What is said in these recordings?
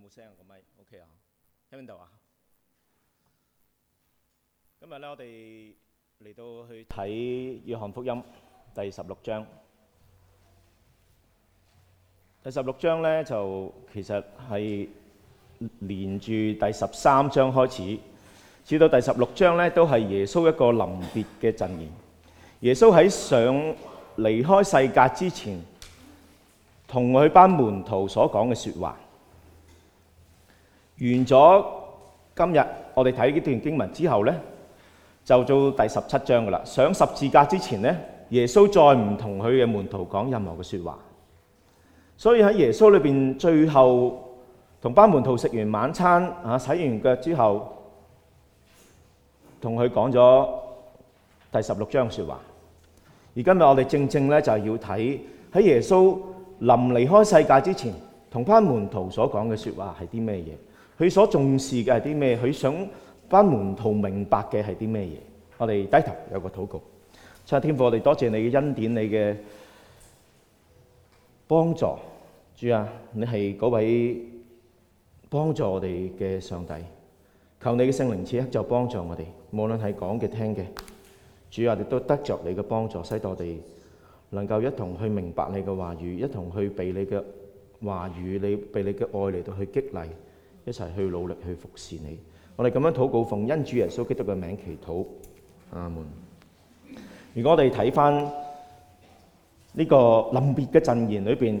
冇聲啊，個咪，OK 啊，喺邊度啊？今日咧，我哋嚟到去睇《約翰福音》第十六章。第十六章咧，就其實係連住第十三章開始，至到第十六章咧，都係耶穌一個臨別嘅贈言。耶穌喺想離開世界之前，同佢班門徒所講嘅說話。完咗今日，我哋睇呢段經文之後呢，就到第十七章噶啦。上十字架之前呢，耶穌再唔同佢嘅門徒講任何嘅説話，所以喺耶穌裏邊最後同班門徒食完晚餐啊，洗完腳之後，同佢講咗第十六章説話。而今日我哋正正呢，就係要睇喺耶穌臨離開世界之前，同班門徒所講嘅説話係啲咩嘢？佢所重視嘅係啲咩？佢想班門徒明白嘅係啲咩嘢？我哋低頭有個禱告，親天父，我哋多謝你嘅恩典，你嘅幫助，主啊，你係嗰位幫助我哋嘅上帝。求你嘅聖靈此刻就幫助我哋，無論係講嘅、聽嘅，主啊，我哋都得著你嘅幫助，使到我哋能夠一同去明白你嘅話語，一同去被你嘅話語、你被你嘅愛嚟到去激勵。一齊去努力去服侍你，我哋咁樣禱告，奉恩主耶穌基督嘅名祈禱，阿門。如果我哋睇翻呢個臨別嘅贈言裏邊，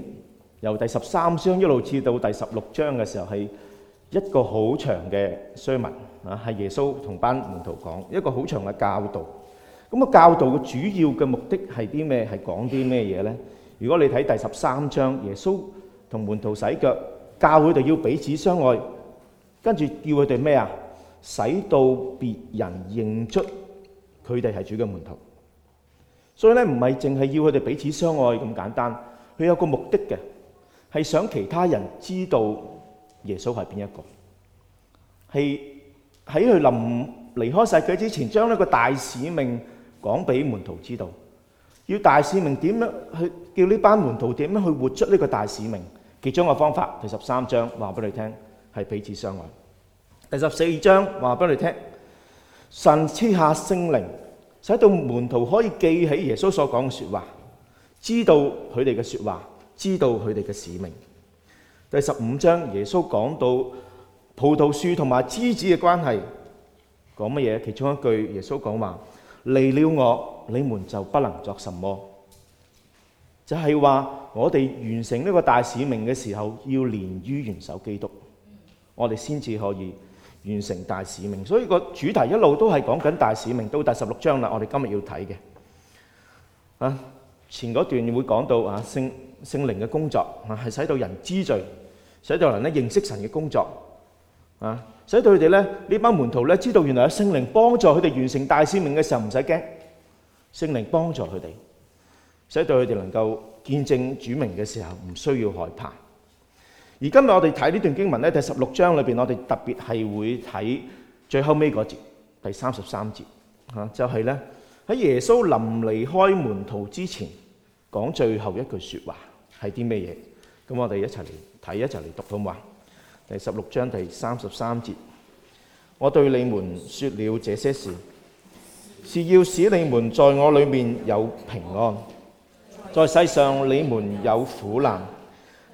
由第十三章一路至到第十六章嘅時候，係一個好長嘅 sermon，啊，係耶穌同班門徒講一個好長嘅教導。咁個教導嘅主要嘅目的係啲咩？係講啲咩嘢呢？如果你睇第十三章，耶穌同門徒洗腳，教佢哋要彼此相愛。跟住叫佢哋咩啊？使到別人認出佢哋係主嘅門徒。所以咧，唔係淨係要佢哋彼此相愛咁簡單。佢有個目的嘅，係想其他人知道耶穌係邊一個。係喺佢臨離開世界之前，將呢個大使命講俾門徒知道。要大使命點樣去？叫呢班門徒點樣去活出呢個大使命？其中嘅方法，第十三章話俾你聽。係彼此相愛。第十四章話俾你聽，神賜下聖靈，使到門徒可以記起耶穌所講嘅說話，知道佢哋嘅說話，知道佢哋嘅使命。第十五章耶穌講到葡萄樹同埋枝子嘅關係，講乜嘢？其中一句耶穌講話：離了我，你們就不能做什麼。就係、是、話我哋完成呢個大使命嘅時候，要連於元首基督。我哋先至可以完成大使命，所以個主題一路都係講緊大使命。到第十六章啦，我哋今日要睇嘅啊，前嗰段會講到啊聖聖靈嘅工作啊係使到人知罪，使到人咧認識神嘅工作啊，使到佢哋咧呢班門徒咧知道原來有聖靈幫助佢哋完成大使命嘅時候唔使驚，聖靈幫助佢哋，使到佢哋能夠見證主名嘅時候唔需要害怕。而今日我哋睇呢段經文咧，第十六章裏邊，我哋特別係會睇最後尾嗰節，第三十三節，嚇、啊、就係咧喺耶穌臨離開門徒之前講最後一句説話係啲咩嘢？咁我哋一齊嚟睇一齊嚟讀好唔好啊？第十六章第三十三節，我對你們説了這些事，是要使你們在我裏面有平安，在世上你們有苦難。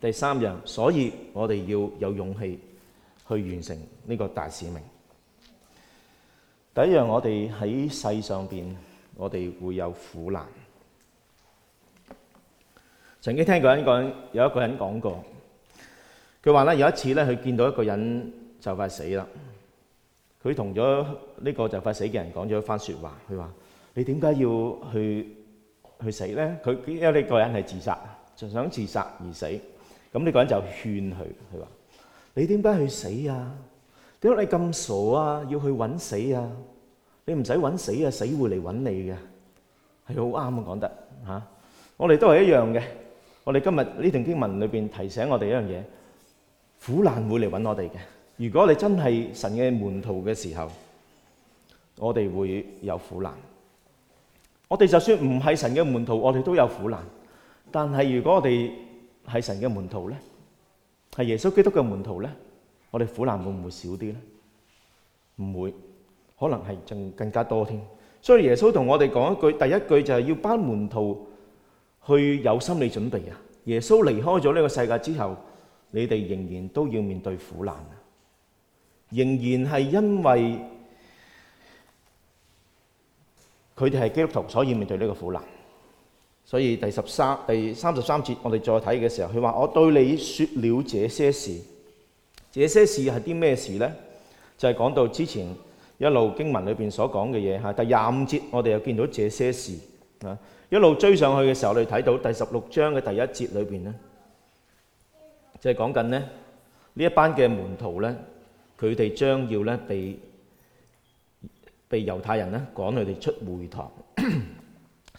第三樣，所以我哋要有勇氣去完成呢個大使命。第一樣，我哋喺世上邊，我哋會有苦難。曾經聽過人講，有一個人講過，佢話咧有一次咧，佢見到一個人就快死啦。佢同咗呢個就快死嘅人講咗一番説話，佢話：你點解要去去死咧？佢因為呢個人係自殺，就想自殺而死。咁呢個人就勸佢，佢話：你點解去死啊？點解你咁傻啊？要去揾死啊？你唔使揾死啊，死會嚟揾你嘅，係好啱啊講得嚇！我哋都係一樣嘅。我哋今日呢段經文裏邊提醒我哋一樣嘢：苦難會嚟揾我哋嘅。如果你真係神嘅門徒嘅時候，我哋會有苦難。我哋就算唔係神嘅門徒，我哋都有苦難。但係如果我哋係神嘅門徒呢，係耶穌基督嘅門徒呢，我哋苦難會唔會少啲呢？唔會，可能係仲更加多添。所以耶穌同我哋講一句，第一句就係要班門徒去有心理準備啊！耶穌離開咗呢個世界之後，你哋仍然都要面對苦難啊！仍然係因為佢哋係基督徒，所以面對呢個苦難。所以第十三、第三十三節，我哋再睇嘅時候，佢話：我對你説了這些事，這些事係啲咩事咧？就係講到之前一路經文裏邊所講嘅嘢嚇。第廿五節，我哋又見到這些事啊，一路追上去嘅時候，你睇到第十六章嘅第一節裏邊咧，就係講緊咧呢一班嘅門徒咧，佢哋將要咧被被猶太人咧趕佢哋出會堂。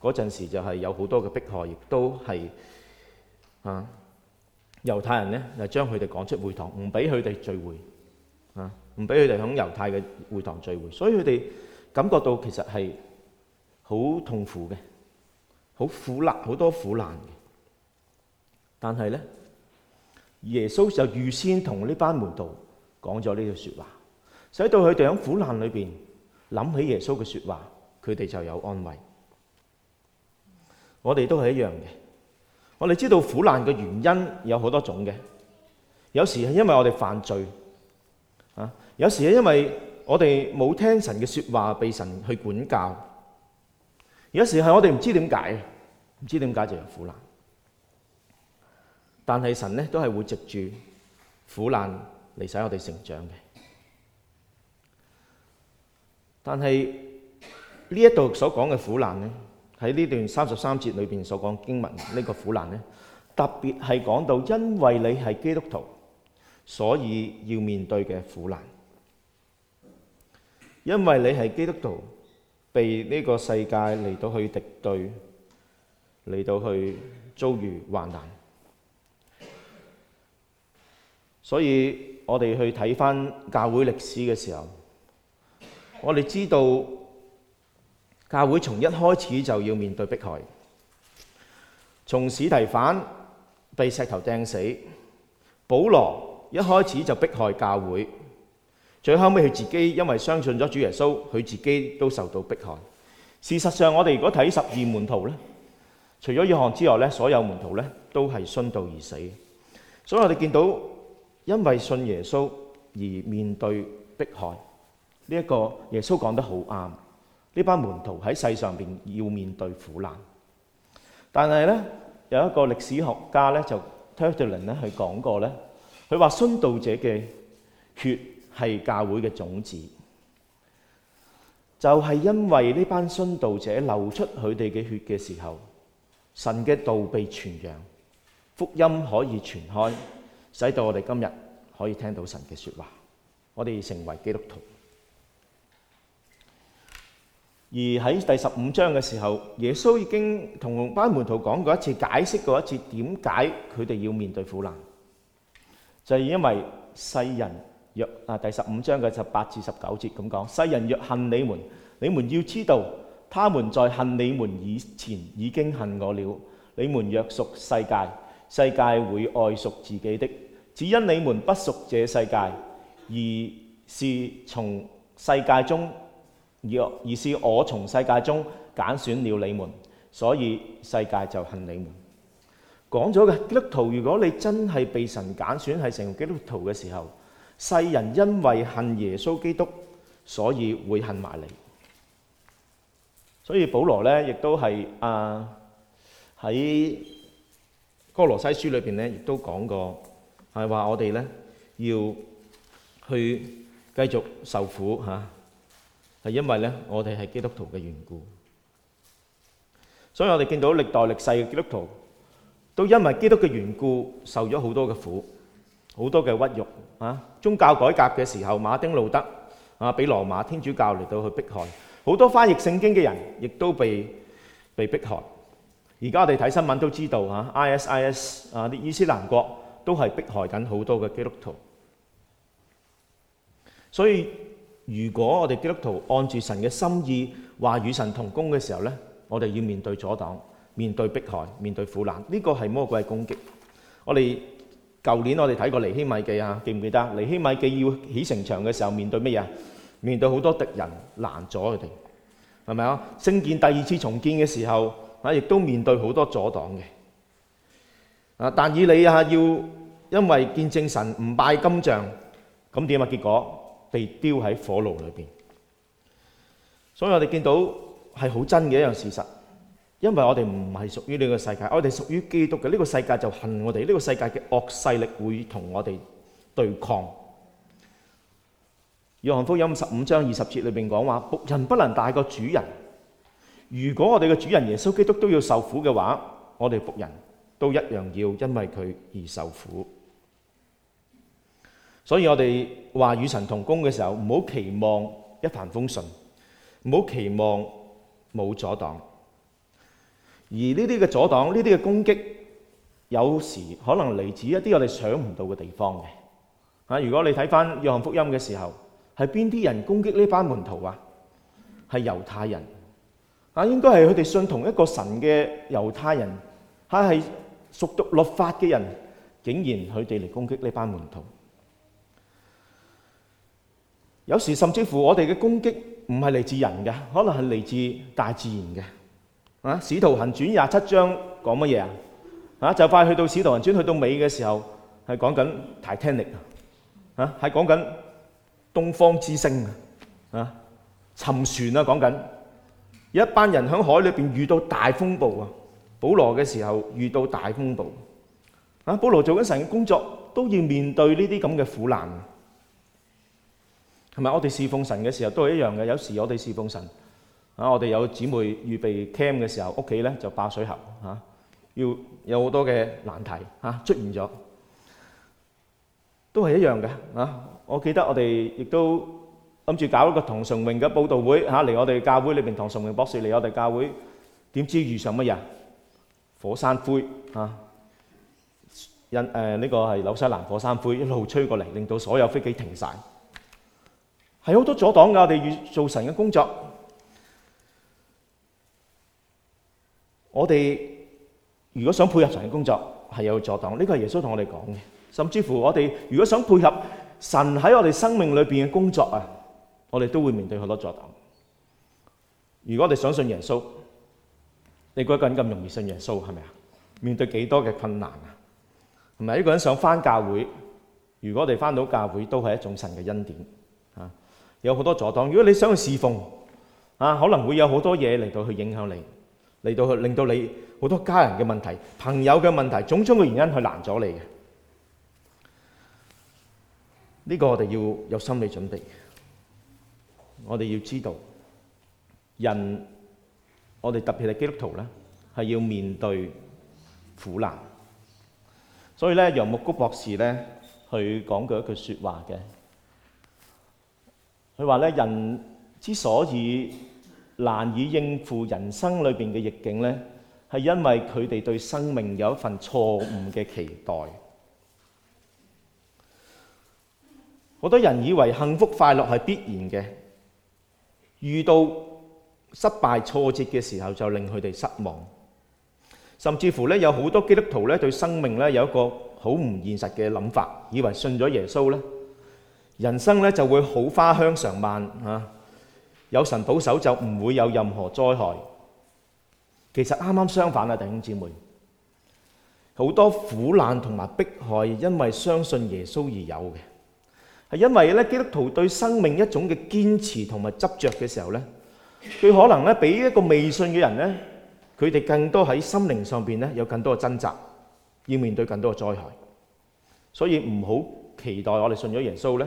嗰陣時就係有好多嘅迫害，亦都係啊猶太人咧，就將佢哋趕出會堂，唔俾佢哋聚會啊，唔俾佢哋響猶太嘅會堂聚會，所以佢哋感覺到其實係好痛苦嘅，好苦難，好多苦難嘅。但係咧，耶穌就預先同呢班門徒講咗呢句説話，使到佢哋喺苦難裏邊諗起耶穌嘅説話，佢哋就有安慰。我哋都係一樣嘅，我哋知道苦難嘅原因有好多種嘅，有時係因為我哋犯罪，啊，有時係因為我哋冇聽神嘅說話，被神去管教，有時係我哋唔知點解，唔知點解就係苦難。但係神咧都係會藉住苦難嚟使我哋成長嘅。但係呢一度所講嘅苦難咧。喺呢段三十三節裏邊所講經文，呢個苦難咧，特別係講到因為你係基督徒，所以要面對嘅苦難。因為你係基督徒，被呢個世界嚟到去敵對，嚟到去遭遇患難。所以我哋去睇翻教會歷史嘅時候，我哋知道。教會從一開始就要面對迫害，從史提反被石頭掟死，保羅一開始就迫害教會，最後尾佢自己因為相信咗主耶穌，佢自己都受到迫害。事實上，我哋如果睇十二門徒咧，除咗約翰之外咧，所有門徒咧都係殉道而死。所以我哋見到因為信耶穌而面對迫害，呢一個耶穌講得好啱。呢班門徒喺世上邊要面對苦難，但係咧有一個歷史學家咧就 Tertullian 咧佢講過咧，佢話殉道者嘅血係教會嘅種子，就係、是、因為呢班殉道者流出佢哋嘅血嘅時候，神嘅道被傳揚，福音可以傳開，使到我哋今日可以聽到神嘅説話，我哋成為基督徒。而喺第十五章嘅時候，耶穌已經同班門徒講過一次，解釋過一次點解佢哋要面對苦難，就係因為世人若啊第十五章嘅十八至十九節咁講，世人若恨你們，你們要知道，他們在恨你們以前已經恨我了。你們若屬世界，世界會愛屬自己的，只因你們不屬這世界，而是從世界中。而是我從世界中揀選了你們，所以世界就恨你們。講咗嘅基督徒，如果你真係被神揀選，係成基督徒嘅時候，世人因為恨耶穌基督，所以會恨埋你。所以保羅咧，亦都係啊喺哥羅西書裏邊咧，亦都講過係話我哋咧要去繼續受苦吓。啊係因為咧，我哋係基督徒嘅緣故，所以我哋見到歷代歷世嘅基督徒都因為基督嘅緣故受咗好多嘅苦，好多嘅屈辱啊！宗教改革嘅時候，馬丁路德啊，俾羅馬天主教嚟到去迫害，好多翻譯聖經嘅人亦都被被迫害。而家我哋睇新聞都知道啊，ISIS 啊啲伊斯蘭國都係迫害緊好多嘅基督徒，所以。如果我哋基督徒按住神嘅心意，話與神同工嘅時候咧，我哋要面對阻擋、面對迫害、面對苦難，呢個係魔鬼嘅攻擊。我哋舊年我哋睇過尼希米記啊，記唔記得？尼希米記要起城牆嘅時候，面對咩嘢？面對好多敵人攔阻佢哋，係咪啊？興建第二次重建嘅時候，啊，亦都面對好多阻擋嘅。啊，但以理啊，要因為見證神唔拜金像，咁點啊？結果？被丟喺火爐裏邊，所以我哋見到係好真嘅一樣事實，因為我哋唔係屬於呢個世界，我哋屬於基督嘅。呢個世界就恨我哋，呢個世界嘅惡勢力會同我哋對抗。約翰福音十五章二十節裏邊講話：僕人不能大過主人。如果我哋嘅主人耶穌基督都要受苦嘅話，我哋僕人都一樣要因為佢而受苦。所以我哋話與神同工嘅時候，唔好期望一帆風順，唔好期望冇阻擋。而呢啲嘅阻擋，呢啲嘅攻擊，有時可能嚟自一啲我哋想唔到嘅地方嘅啊。如果你睇翻《約翰福音》嘅時候，係邊啲人攻擊呢班門徒啊？係猶太人啊，應該係佢哋信同一個神嘅猶太人，嚇係熟讀律法嘅人，竟然佢哋嚟攻擊呢班門徒。有時甚至乎我哋嘅攻擊唔係嚟自人嘅，可能係嚟自大自然嘅。啊，《使徒行傳》廿七章講乜嘢啊？啊，就快去到《使徒行傳》去到尾嘅時候，係講緊 Titanic 啊，係講緊東方之星啊，沉船啊，講緊一班人響海裏邊遇到大風暴啊。保羅嘅時候遇到大風暴啊，保羅做緊神嘅工作都要面對呢啲咁嘅苦難。同埋我哋侍奉神嘅時候都係一樣嘅，有時我哋侍奉神啊，我哋有姊妹預備 camp 嘅時候，屋企咧就爆水喉嚇，要有好多嘅難題嚇出現咗，都係一樣嘅啊！我記得我哋亦都諗住搞一個唐崇榮嘅佈道會嚇嚟，我哋教會裏邊唐崇榮博士嚟我哋教會，點知遇上乜嘢火山灰嚇？因誒呢個係紐西蘭火山灰一路吹過嚟，令到所有飛機停晒。係好多阻擋㗎，我哋要做神嘅工作。我哋如果想配合神嘅工作，係有阻擋。呢個係耶穌同我哋講嘅。甚至乎我哋如果想配合神喺我哋生命裏邊嘅工作啊，我哋都會面對好多阻擋。如果我哋想信耶穌，你嗰個人咁容易信耶穌係咪啊？面對幾多嘅困難啊？同埋一個人想返教會，如果我哋返到教會，都係一種神嘅恩典。有好多阻擋，如果你想去侍奉，啊，可能會有好多嘢嚟到去影響你，嚟到去令到你好多家人嘅問題、朋友嘅問題，種種嘅原因去攔阻你嘅。呢個我哋要有心理準備，我哋要知道人，我哋特別係基督徒咧，係要面對苦難。所以咧，楊木谷博士咧，去講過一句説話嘅。佢話咧，人之所以難以應付人生裏邊嘅逆境咧，係因為佢哋對生命有一份錯誤嘅期待。好多人以為幸福快樂係必然嘅，遇到失敗挫折嘅時候就令佢哋失望。甚至乎咧，有好多基督徒咧，對生命咧，有一個好唔現實嘅諗法，以為信咗耶穌咧。人生咧就會好花香常漫嚇，有神保守就唔會有任何災害。其實啱啱相反啊，弟兄姊妹，好多苦難同埋迫害，因為相信耶穌而有嘅，係因為咧基督徒對生命一種嘅堅持同埋執著嘅時候咧，佢可能咧俾一個未信嘅人咧，佢哋更多喺心靈上邊咧有更多嘅掙扎，要面對更多嘅災害。所以唔好期待我哋信咗耶穌咧。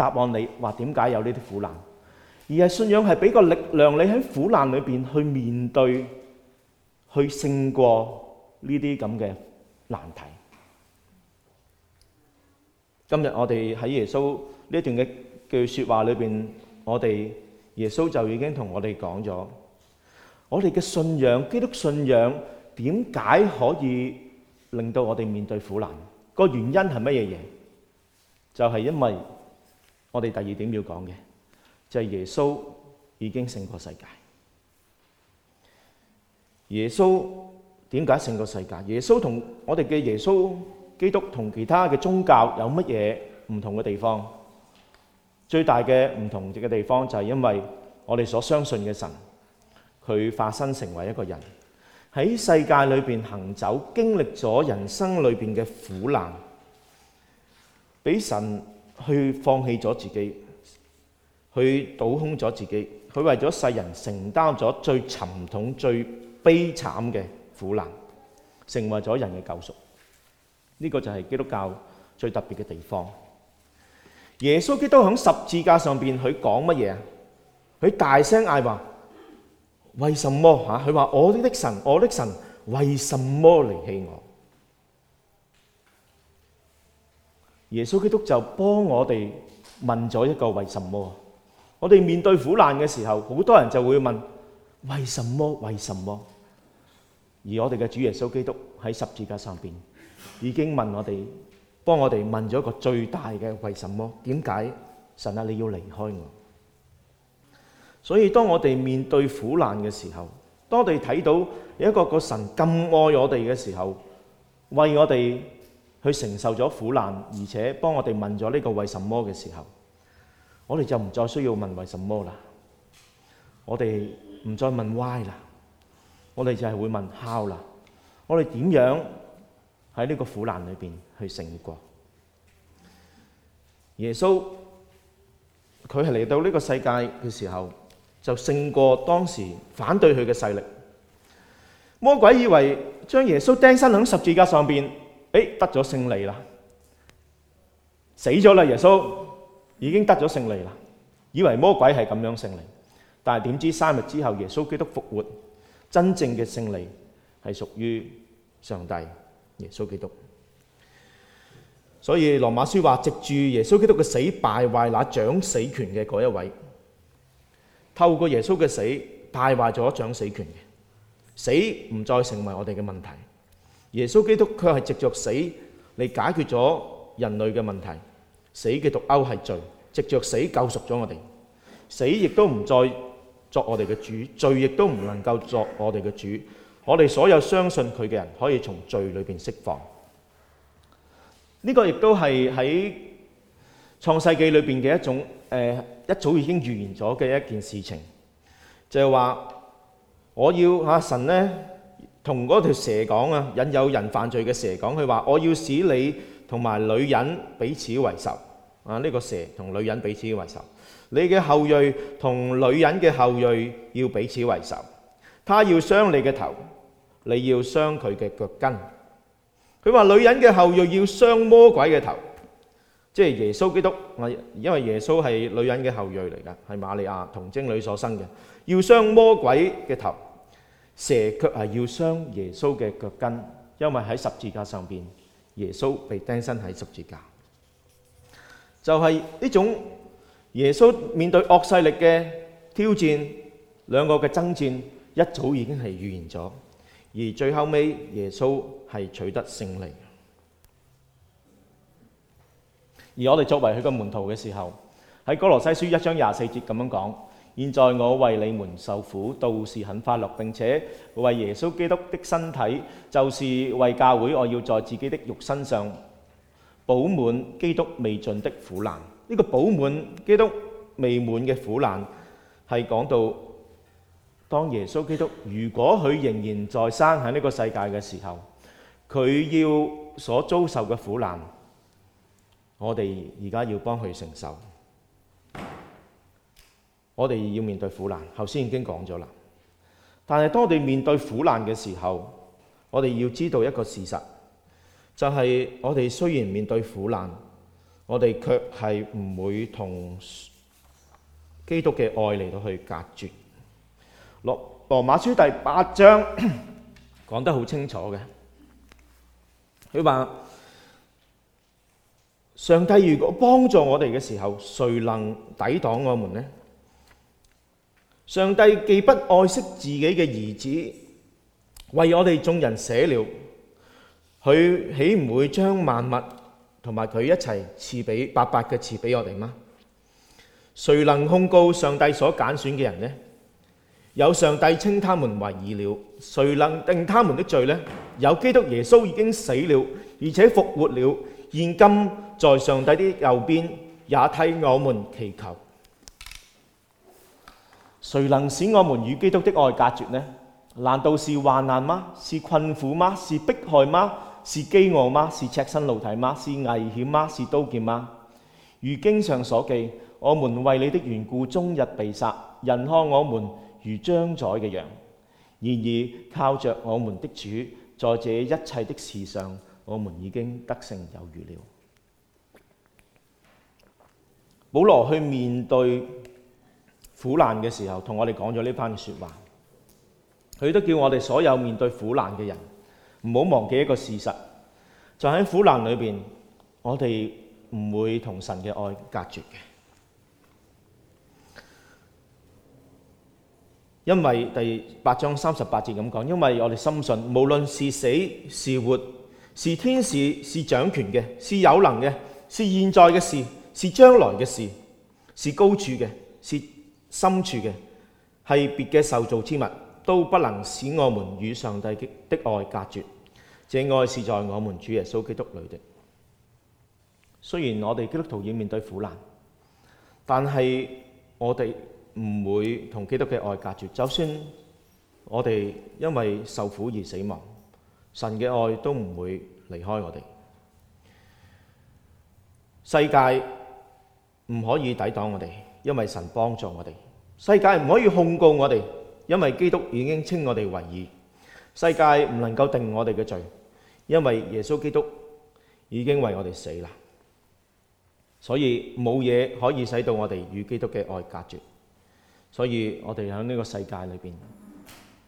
答案你話點解有呢啲苦難，而係信仰係俾個力量你喺苦難裏邊去面對，去勝過呢啲咁嘅難題。今日我哋喺耶穌呢一段嘅句說話裏邊，我哋耶穌就已經同我哋講咗，我哋嘅信仰基督信仰點解可以令到我哋面對苦難？個原因係乜嘢嘢？就係因為。我哋第二點要講嘅就係耶穌已經勝過世界。耶穌點解勝過世界？耶穌同我哋嘅耶穌基督同其他嘅宗教有乜嘢唔同嘅地方？最大嘅唔同嘅地方就係因為我哋所相信嘅神，佢化身成為一個人，喺世界裏邊行走，經歷咗人生裏邊嘅苦難，俾神，去放棄咗自己，去倒空咗自己，佢為咗世人承擔咗最沉痛、最悲慘嘅苦難，成為咗人嘅救贖。呢、呢個就係基督教最特別嘅地方。耶穌基督喺十字架上邊，佢講乜嘢？佢大聲嗌話：為什麼啊？佢話：我的神，我的神，為什麼離棄我？耶穌基督就幫我哋問咗一個為什麼？我哋面對苦難嘅時候，好多人就會問為什麼？為什麼？而我哋嘅主耶穌基督喺十字架上面已經問我哋，幫我哋問咗一個最大嘅為什麼？點解神啊你要離開我？所以當我哋面對苦難嘅時候，當我哋睇到有一個個神咁愛我哋嘅時候，為我哋。佢承受咗苦難，而且幫我哋問咗呢個為什麼嘅時候，我哋就唔再需要問為什麼啦。我哋唔再問 why 啦，我哋就係會問 how 啦。我哋點樣喺呢個苦難裏邊去勝過？耶穌，佢係嚟到呢個世界嘅時候，就勝過當時反對佢嘅勢力。魔鬼以為將耶穌釘身喺十字架上邊。誒，得咗勝利啦，死咗啦！耶穌已經得咗勝利啦，以為魔鬼係咁樣勝利，但係點知三日之後耶穌基督復活，真正嘅勝利係屬於上帝耶穌基督。所以羅馬書話：藉住耶穌基督嘅死，敗壞那掌死權嘅嗰一位，透過耶穌嘅死，敗壞咗掌死權嘅，死唔再成為我哋嘅問題。耶穌基督卻係藉著死嚟解決咗人類嘅問題，死嘅毒勾係罪，藉著死救贖咗我哋，死亦都唔再作我哋嘅主，罪亦都唔能夠作我哋嘅主，我哋所有相信佢嘅人可以從罪裏邊釋放。呢、這個亦都係喺創世記裏邊嘅一種誒、呃，一早已經預言咗嘅一件事情，就係、是、話我要阿、啊、神呢。」同嗰條蛇講啊，引誘人犯罪嘅蛇講，佢話：我要使你同埋女人彼此為仇啊！呢個蛇同女人彼此為仇，你嘅後裔同女人嘅後裔要彼此為仇。他要傷你嘅頭，你要傷佢嘅腳跟。佢話：女人嘅後裔要傷魔鬼嘅頭，即係耶穌基督。我因為耶穌係女人嘅後裔嚟㗎，係瑪利亞同精女所生嘅，要傷魔鬼嘅頭。蛇卻係要傷耶穌嘅腳筋，因為喺十字架上邊，耶穌被釘身喺十字架。就係、是、呢種耶穌面對惡勢力嘅挑戰，兩個嘅爭戰一早已經係預言咗，而最後尾耶穌係取得勝利。而我哋作為佢個門徒嘅時候，喺哥羅西書一章廿四節咁樣講。現在我為你們受苦，倒是很快樂。並且為耶穌基督的身體，就是為教會，我要在自己的肉身上，補滿基督未盡的苦難。呢個補滿基督未滿嘅苦難，係講到當耶穌基督如果佢仍然在生喺呢個世界嘅時候，佢要所遭受嘅苦難，我哋而家要幫佢承受。我哋要面對苦難，頭先已經講咗啦。但係當我哋面對苦難嘅時候，我哋要知道一個事實，就係、是、我哋雖然面對苦難，我哋卻係唔會同基督嘅愛嚟到去隔絕。羅羅馬書第八章講得好清楚嘅，佢話上帝如果幫助我哋嘅時候，誰能抵擋我們呢？上帝既不愛惜自己嘅兒子，為我哋眾人捨了，佢豈唔會將萬物同埋佢一齊賜俾白白嘅賜俾我哋嗎？誰能控告上帝所揀選嘅人呢？有上帝稱他們為義了，誰能定他們的罪呢？有基督耶穌已經死了，而且復活了，現今在上帝的右邊，也替我們祈求。誰能使我們與基督的愛隔絕呢？難道是患難嗎？是困苦嗎？是迫害嗎？是飢餓嗎？是赤身露體嗎？是危險嗎？是刀劍嗎？如經上所記，我們為你的緣故，終日被殺，人看我們如將宰嘅羊。然而靠着我們的主，在這一切的事上，我們已經得勝有餘了。保羅去面對苦難嘅時候，同我哋講咗呢番說話，佢都叫我哋所有面對苦難嘅人唔好忘記一個事實，就喺、是、苦難裏邊，我哋唔會同神嘅愛隔絕嘅。因為第八章三十八節咁講，因為我哋深信，無論是死是活，是天使是掌權嘅，是有能嘅，是現在嘅事，是將來嘅事，是高處嘅，是。深處嘅係別嘅受造之物，都不能使我們與上帝的愛隔絕。這愛是在我們主耶穌基督裏的。雖然我哋基督徒要面對苦難，但係我哋唔會同基督嘅愛隔絕。就算我哋因為受苦而死亡，神嘅愛都唔會離開我哋。世界唔可以抵擋我哋。因為神幫助我哋，世界唔可以控告我哋，因為基督已經稱我哋為義。世界唔能夠定我哋嘅罪，因為耶穌基督已經為我哋死啦。所以冇嘢可以使到我哋與基督嘅愛隔絕。所以我哋喺呢個世界裏邊，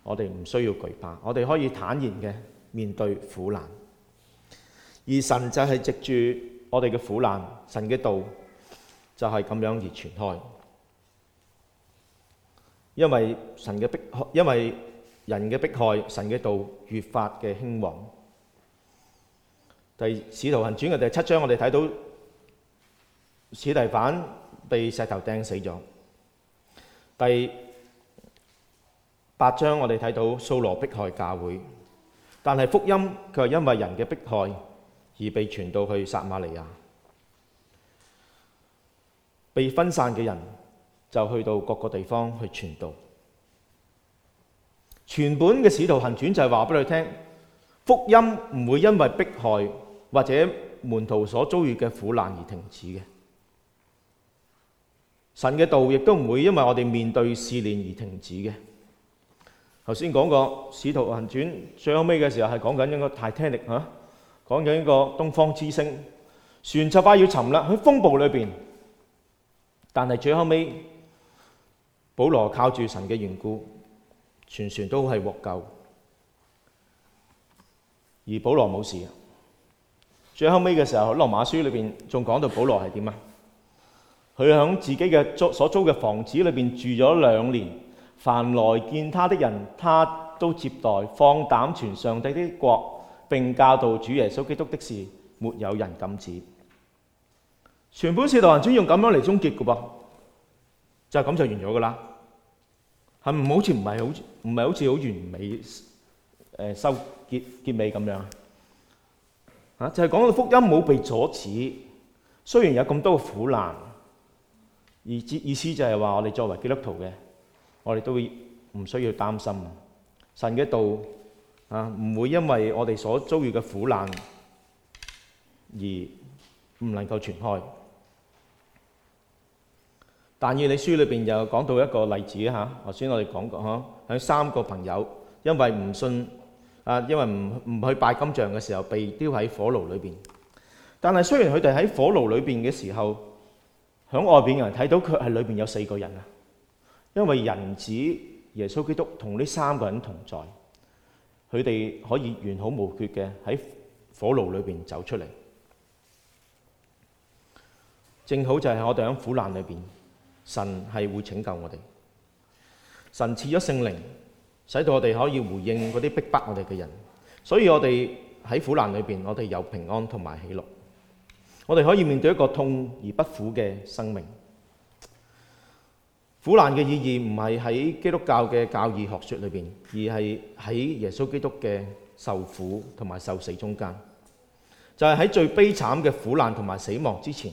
我哋唔需要懼怕，我哋可以坦然嘅面對苦難。而神就係藉住我哋嘅苦難，神嘅道。就係咁樣而傳開，因為神嘅迫，因為人嘅迫害，神嘅道越發嘅興旺。第《使徒行傳》嘅第七章，我哋睇到司提反被石頭掟死咗。第八章，我哋睇到掃羅迫害教會，但係福音卻係因為人嘅迫害而被傳到去撒瑪利亞。被分散嘅人就去到各個地方去傳道。全本嘅《使徒行傳》就係話俾你聽，福音唔會因為迫害或者門徒所遭遇嘅苦難而停止嘅。神嘅道亦都唔會因為我哋面對試煉而停止嘅。頭先講過《使徒行傳》最後尾嘅時候係講緊一個 Titanic 吓，講緊一個東方之星船就快要沉啦，喺風暴裏邊。但係最後尾，保羅靠住神嘅緣故，全船都係獲救，而保羅冇事。最後尾嘅時候，《羅馬書》裏面仲講到保羅係點啊？佢響自己嘅所租嘅房子裏邊住咗兩年，凡來見他的人，他都接待，放膽傳上帝的國，並教導主耶穌基督的事，沒有人禁止。全本《使徒行傳》用咁樣嚟終結嘅噃，就係咁就完咗嘅啦，係唔好似唔係好唔係好似好完美誒收結結尾咁樣啊？就係講到福音冇被阻止，雖然有咁多嘅苦難，意意意思就係話我哋作為基督徒嘅，我哋都會唔需要擔心神嘅道啊，唔會因為我哋所遭遇嘅苦難而唔能夠傳開。但係你書裏邊又講到一個例子啊嚇，頭先我哋講過嚇，響三個朋友因為唔信啊，因為唔唔去拜金像嘅時候，被丟喺火爐裏邊。但係雖然佢哋喺火爐裏邊嘅時候，響外邊嘅人睇到佢係裏邊有四個人啊，因為人子耶穌基督同呢三個人同在，佢哋可以完好無缺嘅喺火爐裏邊走出嚟。正好就係我哋喺苦難裏邊。神係會拯救我哋，神賜咗聖靈，使到我哋可以回應嗰啲逼迫我哋嘅人，所以我哋喺苦難裏邊，我哋有平安同埋喜樂，我哋可以面對一個痛而不苦嘅生命。苦難嘅意義唔係喺基督教嘅教義學說裏邊，而係喺耶穌基督嘅受苦同埋受死中間，就係喺最悲慘嘅苦難同埋死亡之前。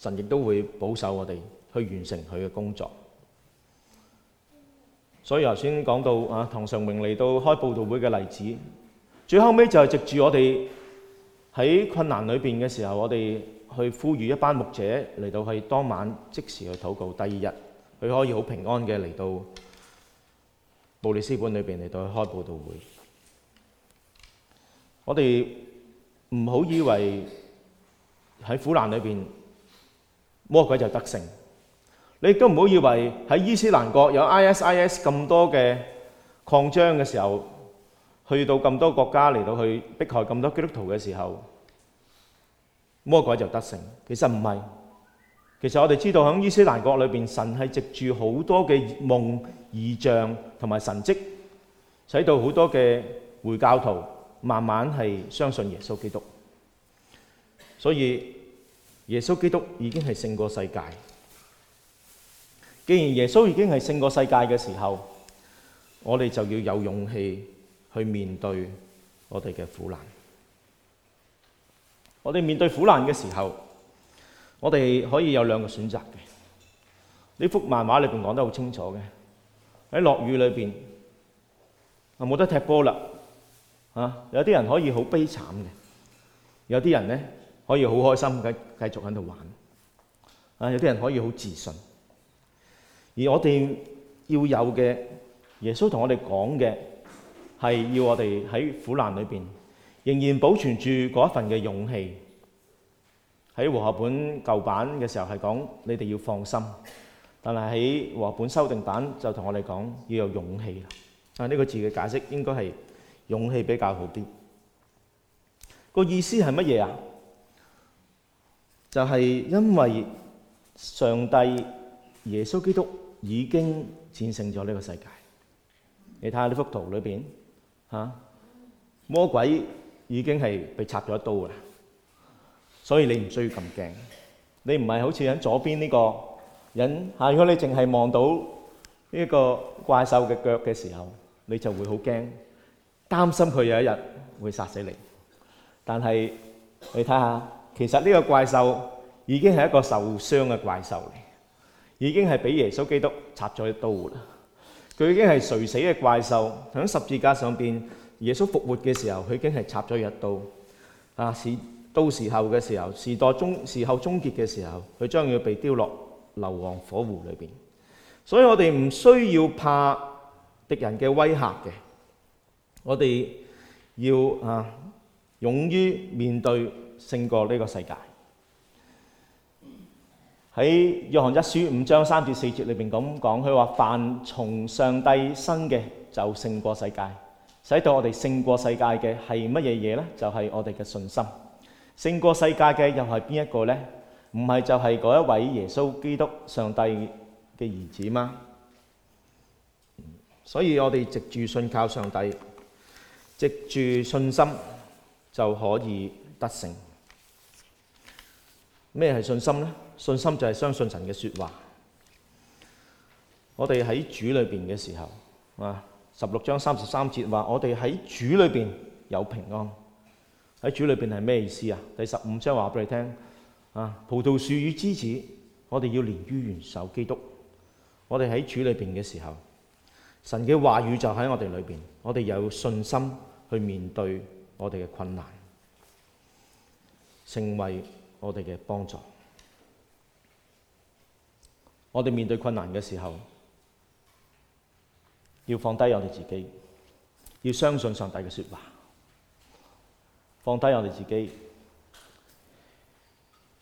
神亦都會保守我哋去完成佢嘅工作，所以頭先講到啊，唐常榮嚟到開佈道會嘅例子，最後尾就係藉住我哋喺困難裏邊嘅時候，我哋去呼籲一班牧者嚟到去當晚即時去禱告，第二日佢可以好平安嘅嚟到布里斯本裏邊嚟到去開佈道會。我哋唔好以為喺苦難裏邊。魔鬼就得勝，你都唔好以為喺伊斯蘭國有 ISIS 咁多嘅擴張嘅時候，去到咁多國家嚟到去逼害咁多基督徒嘅時候，魔鬼就得勝。其實唔係，其實我哋知道喺伊斯蘭國裏邊，神係藉住好多嘅夢異象同埋神蹟，使到好多嘅回教徒慢慢係相信耶穌基督，所以。耶穌基督已經係勝過世界。既然耶穌已經係勝過世界嘅時候，我哋就要有勇氣去面對我哋嘅苦難。我哋面對苦難嘅時候，我哋可以有兩個選擇嘅。呢幅漫畫裏邊講得好清楚嘅，喺落雨裏邊，我冇得踢波啦。啊，有啲人可以好悲慘嘅，有啲人咧，可以好開心，繼繼續喺度玩。啊，有啲人可以好自信，而我哋要有嘅，耶穌同我哋講嘅係要我哋喺苦難裏邊仍然保存住嗰一份嘅勇氣。喺和合本舊版嘅時候係講，你哋要放心，但係喺和合本修訂版就同我哋講要有勇氣。啊，呢個字嘅解釋應該係勇氣比較好啲。個意思係乜嘢啊？就係因為上帝耶穌基督已經戰勝咗呢個世界，你睇下呢幅圖裏邊吓，魔鬼已經係被插咗一刀啦，所以你唔需要咁驚。你唔係好似喺左邊呢個人嚇，如果你淨係望到呢個怪獸嘅腳嘅時候，你就會好驚，擔心佢有一日會殺死你。但係你睇下。其實呢個怪獸已經係一個受傷嘅怪獸嚟，已經係俾耶穌基督插咗一刀啦。佢已經係垂死嘅怪獸喺十字架上邊。耶穌復活嘅時候，佢已經係插咗一刀啊。時到時候嘅時候，時代終時候終結嘅時候，佢將要被丟落硫磺火湖裏邊。所以我哋唔需要怕敵人嘅威嚇嘅，我哋要啊勇於面對。勝過呢個世界，喺約翰一書五章三至四節裏邊咁講，佢話凡從上帝生嘅就勝過世界。使到我哋勝過世界嘅係乜嘢嘢呢？就係我哋嘅信心。勝過世界嘅又係邊一個呢？唔係就係嗰一位耶穌基督上帝嘅兒子嗎？所以我哋藉住信靠上帝，藉住信心就可以得勝。咩係信心呢？信心就係相信神嘅說話。我哋喺主裏邊嘅時候，啊，十六章三十三節話我哋喺主裏邊有平安。喺主裏邊係咩意思啊？第十五章話俾你聽，啊，葡萄樹與枝子，我哋要連於元首基督。我哋喺主裏邊嘅時候，神嘅話語就喺我哋裏邊，我哋有信心去面對我哋嘅困難，成為，我哋嘅幫助，我哋面對困難嘅時候，要放低我哋自己，要相信上帝嘅説話，放低我哋自己。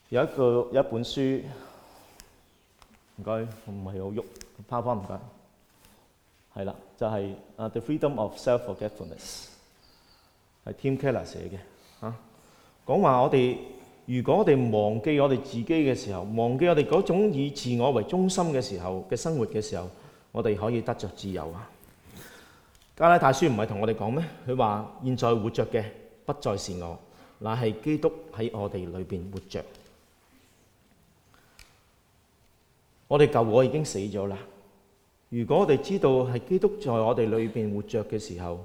有一句，有一本書，唔該，我唔係好喐，拋翻唔該，係啦，就係、是《The Freedom of Self-Forgetfulness》係 Tim Keller 寫嘅，嚇、啊，講話我哋。如果我哋忘記我哋自己嘅時候，忘記我哋嗰種以自我為中心嘅時候嘅生活嘅時候，我哋可以得着自由啊！加拉太書唔係同我哋講咩？佢話：現在活着嘅不再是我，乃係基督喺我哋裏邊活著。我哋舊我已經死咗啦。如果我哋知道係基督在我哋裏邊活着嘅時候，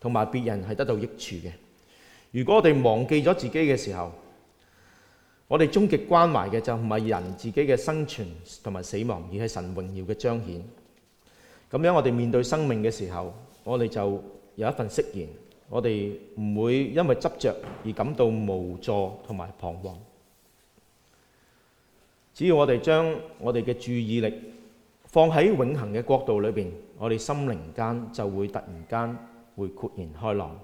同埋，別人係得到益處嘅。如果我哋忘記咗自己嘅時候，我哋終極關懷嘅就唔係人自己嘅生存同埋死亡，而係神榮耀嘅彰顯。咁樣我哋面對生命嘅時候，我哋就有一份釋然。我哋唔會因為執著而感到無助同埋彷徨。只要我哋將我哋嘅注意力放喺永恆嘅國度裏邊，我哋心靈間就會突然間。會豁然開朗。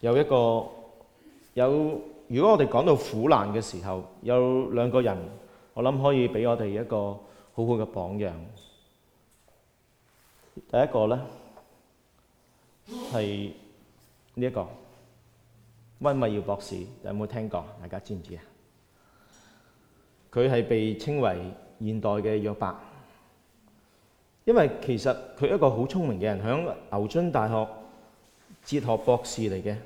有一個有，如果我哋講到苦難嘅時候，有兩個人，我諗可以俾我哋一個好好嘅榜樣。第一個咧，係呢一個温密耀博士，有冇聽過？大家知唔知啊？佢係被稱為現代嘅約伯，因為其實佢一個好聰明嘅人，響牛津大學哲學博士嚟嘅。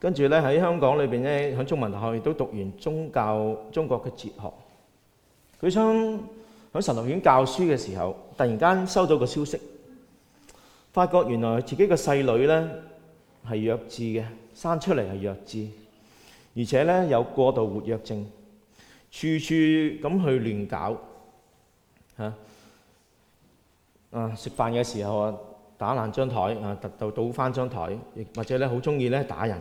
跟住咧喺香港裏邊咧，響中文大學亦都讀完宗教中國嘅哲學。佢喺響神學院教書嘅時候，突然間收到個消息，發覺原來自己個細女咧係弱智嘅，生出嚟係弱智，而且咧有過度活躍症。處處咁去亂搞啊，食飯嘅時候啊打爛張台啊，突到倒翻張台，亦或者咧好中意咧打人。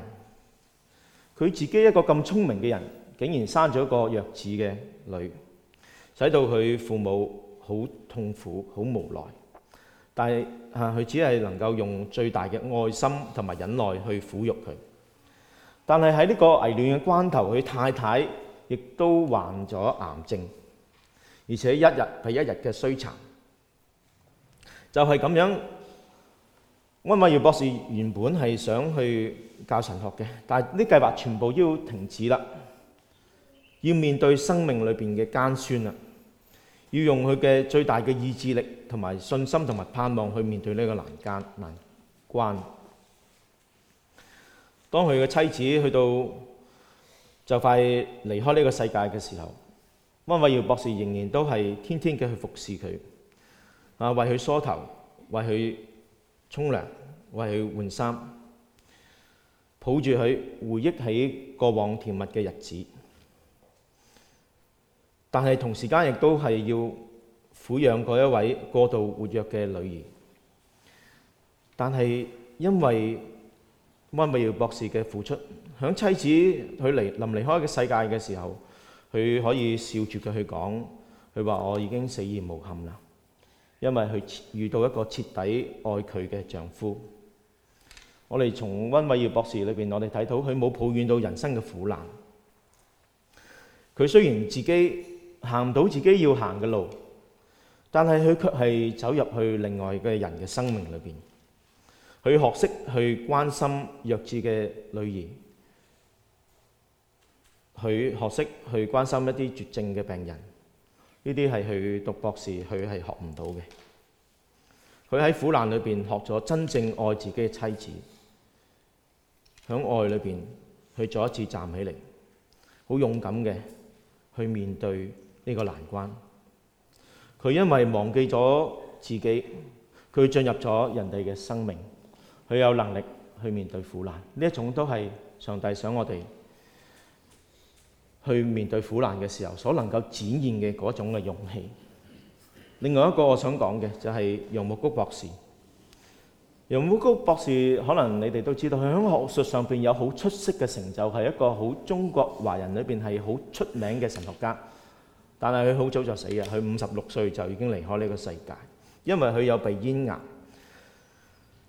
佢自己一個咁聰明嘅人，竟然生咗一個弱智嘅女，使到佢父母好痛苦、好無奈。但係啊，佢只係能夠用最大嘅愛心同埋忍耐去撫育佢。但係喺呢個危難嘅關頭，佢太太，亦都患咗癌症，而且一日比一日嘅衰殘，就係、是、咁樣。安偉耀博士原本係想去教神學嘅，但係呢啲計劃全部都要停止啦，要面對生命裏邊嘅艱酸啦，要用佢嘅最大嘅意志力同埋信心同埋盼望去面對呢個難艱難關。當佢嘅妻子去到。就快離開呢個世界嘅時候，温慧瑤博士仍然都係天天嘅去服侍佢，啊，為佢梳頭，為佢沖涼，為佢換衫，抱住佢，回憶起過往甜蜜嘅日子。但係同時間亦都係要撫養嗰一位過度活躍嘅女兒。但係因為温偉耀博士嘅付出，喺妻子佢離臨離開嘅世界嘅時候，佢可以笑住佢去講，佢話：我已經死而無憾啦，因為佢遇到一個徹底愛佢嘅丈夫。我哋從温偉耀博士裏邊，我哋睇到佢冇抱怨到人生嘅苦難。佢雖然自己行唔到自己要行嘅路，但係佢卻係走入去另外嘅人嘅生命裏邊。佢學識去關心弱智嘅女兒，佢學識去關心一啲絕症嘅病人。呢啲係佢讀博士，佢係學唔到嘅。佢喺苦難裏邊學咗真正愛自己嘅妻子，響愛裏邊去再一次站起嚟，好勇敢嘅去面對呢個難關。佢因為忘記咗自己，佢進入咗人哋嘅生命。佢有能力去面對苦難，呢一種都係上帝想我哋去面對苦難嘅時候所能夠展現嘅嗰種嘅勇氣。另外一個我想講嘅就係楊牧谷博士。楊牧谷博士可能你哋都知道，佢喺學術上邊有好出色嘅成就，係一個好中國華人裏邊係好出名嘅神學家。但係佢好早就死啊，佢五十六歲就已經離開呢個世界，因為佢有鼻咽癌。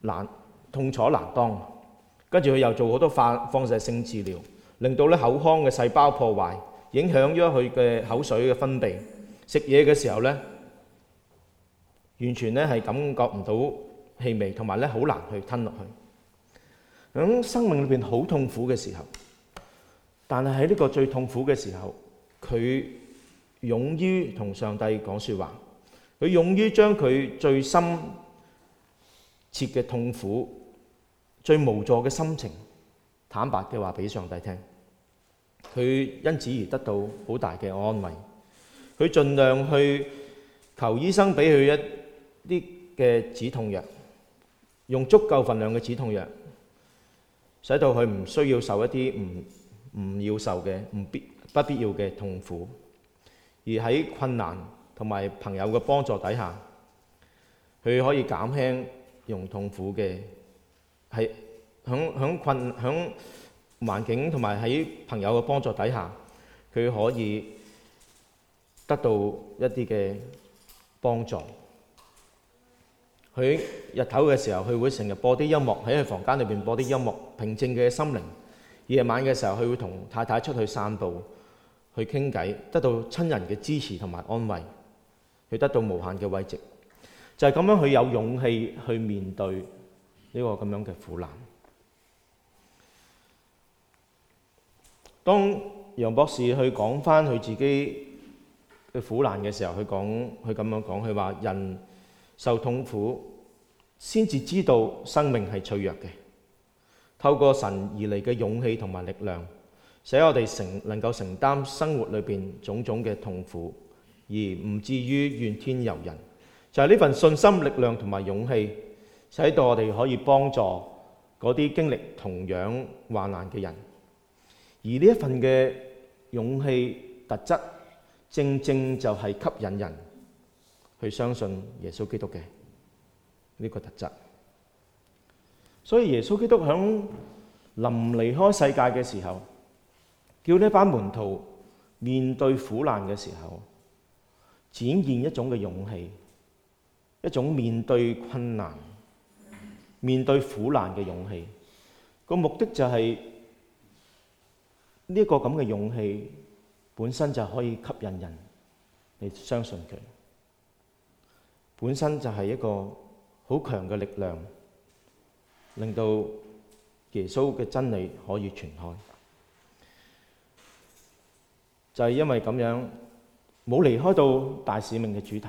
難痛楚難當，跟住佢又做好多化放射性治療，令到咧口腔嘅細胞破壞，影響咗佢嘅口水嘅分泌。食嘢嘅時候咧，完全咧係感覺唔到氣味，同埋咧好難去吞落去。喺生命裏邊好痛苦嘅時候，但係喺呢個最痛苦嘅時候，佢勇於同上帝講説話，佢勇於將佢最深切嘅痛苦，最無助嘅心情，坦白嘅話俾上帝聽。佢因此而得到好大嘅安慰。佢盡量去求醫生俾佢一啲嘅止痛藥，用足夠份量嘅止痛藥，使到佢唔需要受一啲唔唔要受嘅唔必不必要嘅痛苦。而喺困難同埋朋友嘅幫助底下，佢可以減輕。用痛苦嘅，喺響困響環境同埋喺朋友嘅幫助底下，佢可以得到一啲嘅幫助。佢日頭嘅時候，佢會成日播啲音樂喺佢房間裏邊播啲音樂，平靜嘅心靈。夜晚嘅時候，佢會同太太出去散步，去傾偈，得到親人嘅支持同埋安慰，佢得到無限嘅慰藉。就係咁樣去有勇氣去面對呢個咁樣嘅苦難。當楊博士去講返佢自己嘅苦難嘅時候，佢講佢咁樣講，佢話人受痛苦先至知道生命係脆弱嘅。透過神而嚟嘅勇氣同埋力量，使我哋成能夠承擔生活裏邊種種嘅痛苦，而唔至於怨天尤人。就係呢份信心、力量同埋勇氣使到我哋可以幫助嗰啲經歷同樣患難嘅人。而呢一份嘅勇氣特質正正就係吸引人去相信耶穌基督嘅呢個特質。所以耶穌基督響臨離開世界嘅時候，叫呢班門徒面對苦難嘅時候，展現一種嘅勇氣。一種面對困難、面對苦難嘅勇氣，個目的就係呢個咁嘅勇氣本身就可以吸引人嚟相信佢，本身就係一個好強嘅力量，令到耶穌嘅真理可以傳開。就係因為咁樣，冇離開到大使命嘅主題。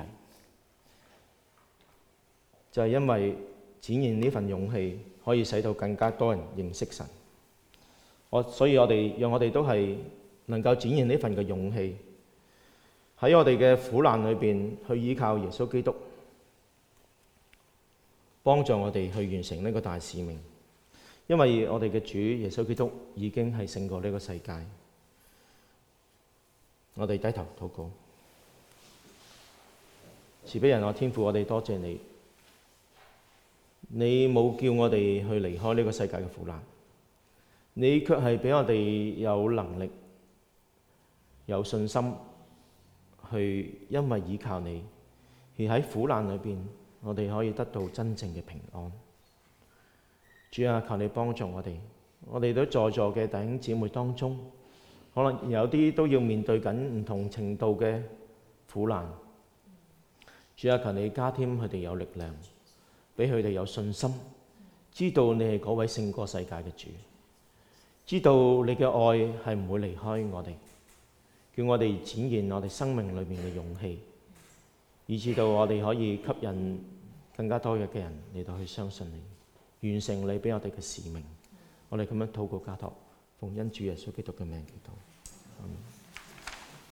就係因為展現呢份勇氣，可以使到更加多人認識神。我，我所以我，我哋讓我哋都係能夠展現呢份嘅勇氣，喺我哋嘅苦難裏邊去依靠耶穌基督，幫助我哋去完成呢個大使命。因為我哋嘅主耶穌基督已經係勝過呢個世界。我哋低頭禱告，慈悲人我天父，我哋多謝你。你冇叫我哋去離開呢個世界嘅苦難，你卻係俾我哋有能力、有信心，去因為依靠你而喺苦難裏邊，我哋可以得到真正嘅平安。主啊，求你幫助我哋。我哋都在座嘅弟兄姊妹當中，可能有啲都要面對緊唔同程度嘅苦難。主啊，求你加添佢哋有力量。俾佢哋有信心，知道你係嗰位勝過世界嘅主，知道你嘅愛係唔會離開我哋，叫我哋展現我哋生命裏邊嘅勇氣，以至到我哋可以吸引更加多嘅嘅人嚟到去相信你，完成你俾我哋嘅使命。我哋咁樣禱告家，交託奉恩主耶穌基督嘅名祈禱。